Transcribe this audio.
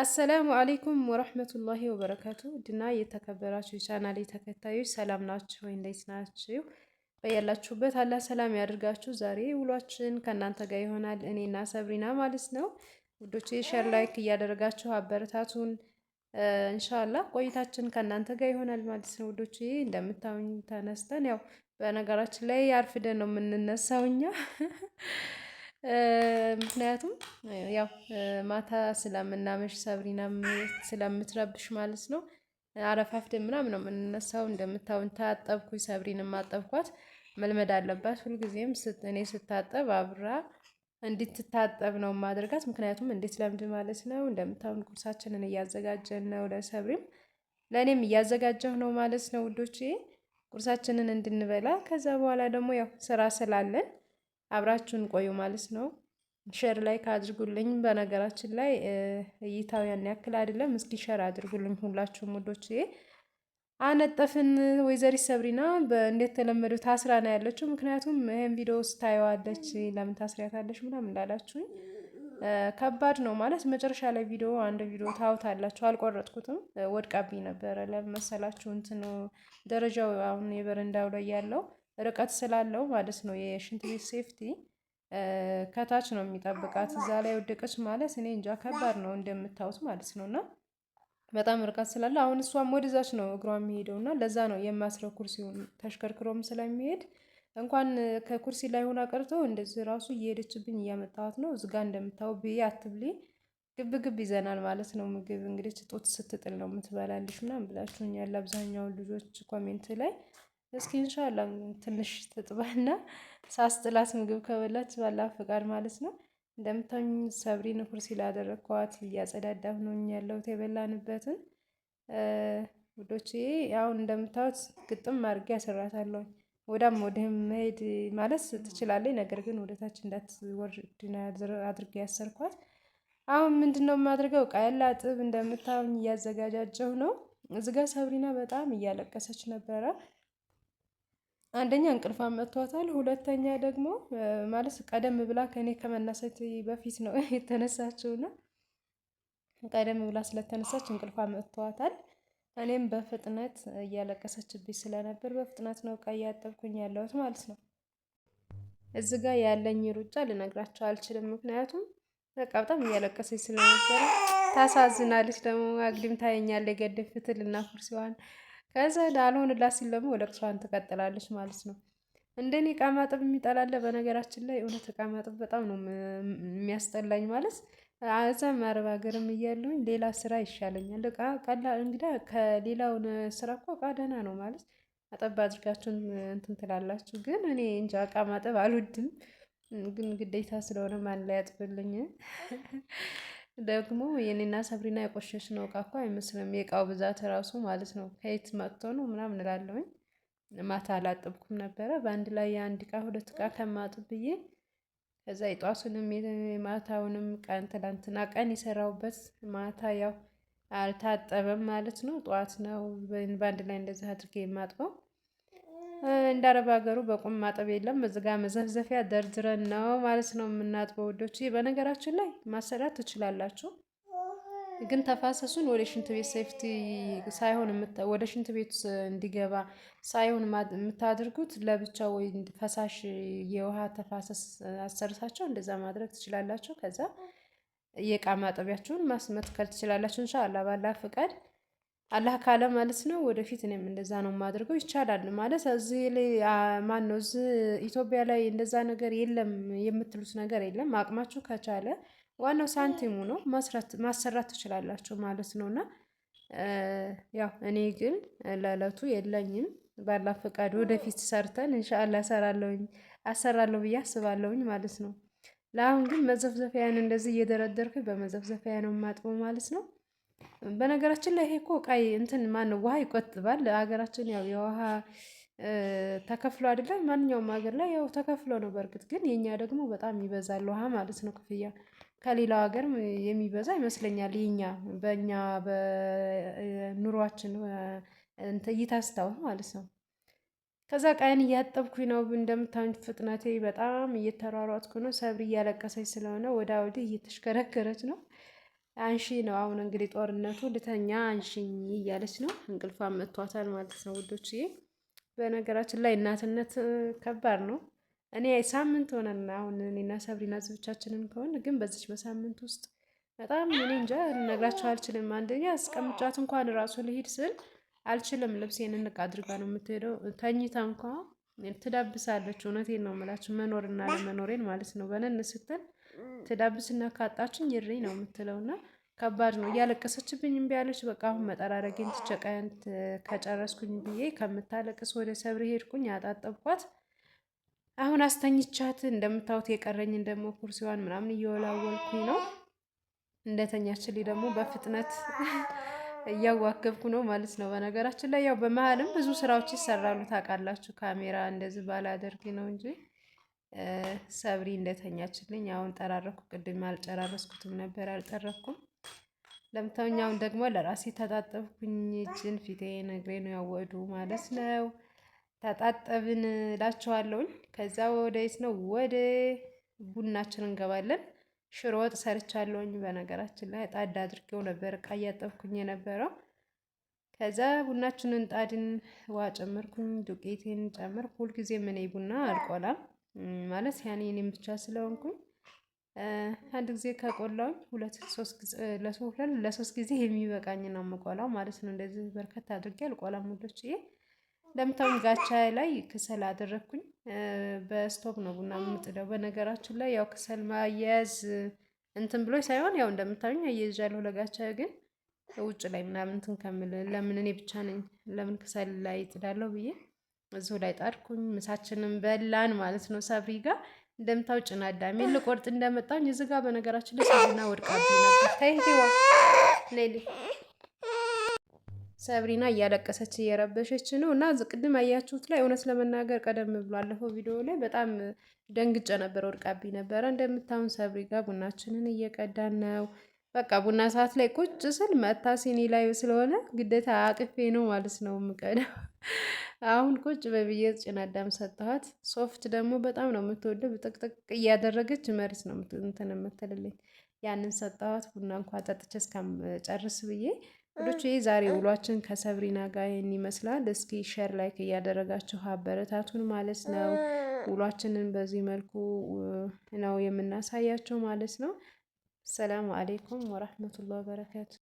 አሰላሙ አሌይኩም ወረህመቱላሂ ወበረካቱ ድና የተከበራችሁ የቻናሌ ተከታዮች ሰላም ናችሁ ወይ? እንዴት ናችሁ? በያላችሁበት አላህ ሰላም ያድርጋችሁ። ዛሬ ውሏችን ከእናንተ ጋር ይሆናል እኔና ሰብሪና ማለት ነው። ውዶቼ ሸር ላይክ እያደረጋችሁ አበረታቱን። እንሻላ ቆይታችን ከእናንተ ጋር ይሆናል ማለት ነው። ውዶች እንደምታውኝ ተነስተን ያው በነገራችን ላይ አርፍደን ነው የምንነሳው እኛ ምክንያቱም ያው ማታ ስለምናመሽ ሰብሪና ስለምትረብሽ ማለት ነው። አረፋፍደን ምናምን ነው የምንነሳው። እንደምታውን ታጠብኩኝ፣ ሰብሪን ማጠብኳት። መልመድ አለባት ሁልጊዜም እኔ ስታጠብ አብራ እንድትታጠብ ነው ማድረጋት። ምክንያቱም እንዴት ለምድ ማለት ነው። እንደምታውን ቁርሳችንን እያዘጋጀን ነው፣ ለሰብሪም ለእኔም እያዘጋጀሁ ነው ማለት ነው ውዶቼ፣ ቁርሳችንን እንድንበላ ከዛ በኋላ ደግሞ ያው ስራ ስላለን አብራችሁን ቆዩ ማለት ነው። ሸር ላይ ካድርጉልኝ። በነገራችን ላይ እይታው ያን ያክል አይደለም። እስኪ ሸር አድርጉልኝ ሁላችሁም ውዶች። አነጠፍን ወይዘሪት ሰብሪና እንዴት ተለመደው ታስራ ነው ያለችው። ምክንያቱም ይህን ቪዲዮ ስታየዋለች ለምን ታስሪያታለች ምናምን እንዳላችሁኝ ከባድ ነው ማለት መጨረሻ ላይ ቪዲዮ አንድ ቪዲዮ ታውታላችሁ። አልቆረጥኩትም ወድቃብኝ ነበረ ለመሰላችሁ እንትኑ ደረጃው አሁን የበረንዳው ላይ ያለው ርቀት ስላለው ማለት ነው የሽንት ቤት ሴፍቲ ከታች ነው የሚጠብቃት። እዛ ላይ ወደቀች ማለት እኔ እንጃ ከባድ ነው እንደምታዩት ማለት ነው። እና በጣም ርቀት ስላለ አሁን እሷም ወደዛች ነው እግሯ የሚሄደው እና ለዛ ነው የማስረው ኩርሲውን ተሽከርክሮም ስለሚሄድ እንኳን ከኩርሲ ላይ ሆና ቀርቶ እንደዚህ ራሱ እየሄደችብኝ እያመጣኋት ነው። እዚጋ እንደምታው ብዬ አትብሊ ግብ ግብ ይዘናል ማለት ነው። ምግብ እንግዲህ ጡት ስትጥል ነው የምትበላልሽ ምናምን ብላችሁኛል አብዛኛውን ልጆች ኮሜንት ላይ እስኪ እንሻላ ትንሽ ትጥባና ሳስጥላት ምግብ ከበላች ባላ ፈቃድ ማለት ነው። እንደምታኝ ሰብሪን ኩርሲ ላደረግኳት እያጸዳዳሁ ነው ያለሁት የበላንበትን ውዶች። ያው እንደምታዩት ግጥም አድርጌ ያሰራታለሁ። ወዳም ወደህም መሄድ ማለት ትችላለች፣ ነገር ግን ወደታች እንዳትወርድ አድርጌ ያሰርኳት። አሁን ምንድን ነው የማድርገው? ቃየላ ጥብ እንደምታዩኝ እያዘጋጃጀሁ ነው። እዚጋ ሰብሪና በጣም እያለቀሰች ነበረ። አንደኛ እንቅልፍ መቷታል። ሁለተኛ ደግሞ ማለት ቀደም ብላ ከእኔ ከመነሳት በፊት ነው የተነሳችውና ቀደም ብላ ስለተነሳች እንቅልፍ መቷታል። እኔም በፍጥነት እያለቀሰችብኝ ስለነበር በፍጥነት ነው እቃ እያጠብኩኝ ያለሁት ማለት ነው። እዚ ጋ ያለኝ ሩጫ ልነግራቸው አልችልም። ምክንያቱም በቃ በጣም እያለቀሰች ስለነበረ ታሳዝናለች። ደግሞ አግድም ታየኛለች የገደፍትልና ኩርሲዋን ከዛ ላልሆንላት ሲል ደግሞ እርሷን ትቀጥላለች ማለት ነው። እንደኔ እቃ ማጠብ የሚጠላለ በነገራችን ላይ እውነት እቃ ማጠብ በጣም ነው የሚያስጠላኝ ማለት እዛም አረብ ሀገርም እያለሁኝ ሌላ ስራ ይሻለኛል። እቃ ቀላ እንግዳ ከሌላው ስራ እኮ እቃ ደህና ነው ማለት አጠብ አድርጋችሁን እንትን ትላላችሁ። ግን እኔ እንጃ እቃ ማጠብ አልወድም፣ ግን ግዴታ ስለሆነ ማን ላይ ያጥብልኝ? ደግሞ የኔና ሰብሪና ነው እቃ እኮ አይመስልም። የእቃው ብዛት ራሱ ማለት ነው። ከየት መጥቶ ነው ምናምን እላለሁኝ። ማታ አላጠብኩም ነበረ። በአንድ ላይ የአንድ እቃ ሁለት እቃ ከማጥብ ብዬ ከዛ የጧሱንም የማታውንም ቀን ትላንትና ቀን የሰራውበት ማታ ያው አልታጠበም ማለት ነው። ጠዋት ነው በአንድ ላይ እንደዚህ አድርጌ የማጥበው። እንደ አረብ ሀገሩ በቁም ማጠብ የለም። እዚህ ጋር መዘፍዘፊያ ደርድረን ነው ማለት ነው የምናጥበው ውዶች። በነገራችን ላይ ማሰራት ትችላላችሁ፣ ግን ተፋሰሱን ወደ ሽንት ቤት ሴፍቲ ሳይሆን ወደ ሽንት ቤት እንዲገባ ሳይሆን የምታድርጉት ለብቻው ወይ ፈሳሽ የውሃ ተፋሰስ አሰርታቸው እንደዛ ማድረግ ትችላላችሁ። ከዛ የእቃ ማጠቢያችሁን ማስመትከል ትችላላችሁ። እንሻ አላ ባላ ፍቃድ አላህ ካለ ማለት ነው። ወደፊት እኔም እንደዛ ነው የማደርገው። ይቻላል ማለት እዚህ ላይ ማን ነው እዚህ ኢትዮጵያ ላይ እንደዛ ነገር የለም የምትሉት ነገር የለም። አቅማችሁ ከቻለ ዋናው ሳንቲሙ ነው፣ ማሰራት ትችላላችሁ ማለት ነው። እና ያው እኔ ግን ለእለቱ የለኝም። ባላ ፈቃድ ወደፊት ሰርተን እንሻላ ሰራለውኝ አሰራለሁ ብዬ አስባለሁኝ ማለት ነው። ለአሁን ግን መዘፍዘፊያን እንደዚህ እየደረደርኩኝ በመዘፍዘፊያ ነው የማጥበው ማለት ነው። በነገራችን ላይ ይሄ እኮ ቃይ እንትን ማን ውሃ ይቆጥባል። ሀገራችን ያው የውሃ ተከፍሎ አይደለም ማንኛውም ሀገር ላይ ያው ተከፍሎ ነው። በእርግጥ ግን የኛ ደግሞ በጣም ይበዛል ውሃ ማለት ነው ክፍያ ከሌላው ሀገር የሚበዛ ይመስለኛል። የኛ በእኛ በኑሯችን እይታ ማለት ነው። ከዛ ቃይን እያጠብኩኝ ነው። እንደምታዩኝ ፍጥነቴ በጣም እየተሯሯጥኩ ነው። ሰብር እያለቀሰች ስለሆነ ወዳ ወዲህ እየተሽከረከረች ነው። አንሺ ነው አሁን እንግዲህ ጦርነቱ ልተኛ አንሺኝ እያለች ነው። እንቅልፏ መጥቷታል ማለት ነው ይ በነገራችን ላይ እናትነት ከባድ ነው። እኔ ሳምንት ሆነን አሁን እኔና ሰብሪና ዝብቻችንን ከሆን ግን በዚች በሳምንት ውስጥ በጣም እኔ እንጃ ልነግራቸው አልችልም። አንደኛ አስቀምጫት እንኳን ራሱ ልሂድ ስል አልችልም። ልብሴን እንቅ አድርጋ ነው የምትሄደው። ተኝታ እንኳ ትዳብሳለች። እውነቴን ነው የምላችሁ መኖርና ለመኖሬን ማለት ነው በነን ስትል ትዳብስና ካጣችን ይሪ ነው የምትለውና ከባድ ነው። እያለቀሰችብኝ እምቢ አለች። በቃ አሁን መጠራረጌን ትቸቀያን ከጨረስኩኝ ብዬ ከምታለቅስ ወደ ሰብር ሄድኩኝ። ያጣጠብኳት አሁን አስተኝቻት እንደምታዩት የቀረኝን ደግሞ ኩርሲዋን ምናምን እየወላወልኩኝ ነው። እንደተኛችልኝ ደግሞ በፍጥነት እያዋከብኩ ነው ማለት ነው። በነገራችን ላይ ያው በመሀልም ብዙ ስራዎች ይሰራሉ ታውቃላችሁ። ካሜራ እንደዚህ ባላደርግ ነው እንጂ ሰብሪ እንደተኛችልኝ አሁን ጠራረኩ። ቅድም አልጨራረስኩትም ነበር አልጠረኩም። እንደምታዩኝ ደግሞ ለራሴ ተጣጠብኩኝ። እጅን፣ ነግሬ ነው ያወዱ ማለት ነው ተጣጠብን እላችኋለሁኝ። ከዛ ወደየት ነው ወደ ቡናችን እንገባለን። ሽሮ ወጥ ሰርቻለሁኝ። በነገራችን ላይ ጣድ አድርጌው ነበር እቃ እያጠብኩኝ የነበረው። ከዛ ቡናችንን ጣድን፣ ውሃ ጨመርኩኝ፣ ዱቄቴን ጨመርኩ። ሁልጊዜ ምን ቡና አልቆላም ማለት ያኔ እኔም ብቻ ስለሆንኩኝ አንድ ጊዜ ከቆላውኝ ሁለት ለሶስት ጊዜ የሚበቃኝ ነው የምቆላው ማለት ነው። እንደዚህ በርከት አድርጌ አልቆላም ውዶች። ይሄ እንደምታውም ጋቻ ላይ ክሰል አደረግኩኝ። በስቶፕ ነው ቡና የምጥደው። በነገራችን ላይ ያው ክሰል ማያያዝ እንትን ብሎ ሳይሆን ያው እንደምታዩኝ አያይዣለሁ ለጋቻ ግን ውጭ ላይ ምናምን እንትን ከምል ለምን እኔ ብቻ ነኝ ለምን ክሰል ላይ ይጥዳለሁ ብዬ እዚሁ ላይ ጣድኩኝ። ምሳችንን በላን ማለት ነው። ሰብሪ ጋር እንደምታው ጭና አዳሜ ልቆርጥ እንደመጣኝ እዚህ ጋር በነገራችን ላይ ወድቃብኝ ነበር። ሰብሪና እያለቀሰች እየረበሸች ነው እና ቅድም አያችሁት ላይ እውነት ለመናገር ቀደም ብሎ አለፈው ቪዲዮ ላይ በጣም ደንግጨ ነበር። ወድቃብኝ ነበረ። እንደምታውን ሰብሪ ጋር ቡናችንን እየቀዳን ነው። በቃ ቡና ሰዓት ላይ ቁጭ ስል መታ ሲኒ ላይ ስለሆነ ግዴታ አቅፌ ነው ማለት ነው የምቀደው አሁን ቁጭ በብዬ ጭናዳም ሰጠኋት። ሶፍት ደግሞ በጣም ነው የምትወደው። ጥቅጥቅ እያደረገች መሬት ነው እንትን የምትልልኝ። ያንን ሰጠኋት። ቡና እንኳ ጠጥቼ እስከምጨርስ ብዬ ዶች ይህ ዛሬ ውሏችን ከሰብሪና ጋር ይህን ይመስላል። እስኪ ሸር ላይክ እያደረጋችሁ አበረታቱን ማለት ነው። ውሏችንን በዚህ መልኩ ነው የምናሳያቸው ማለት ነው። ሰላም አሌይኩም ወራህመቱላ በረካቱ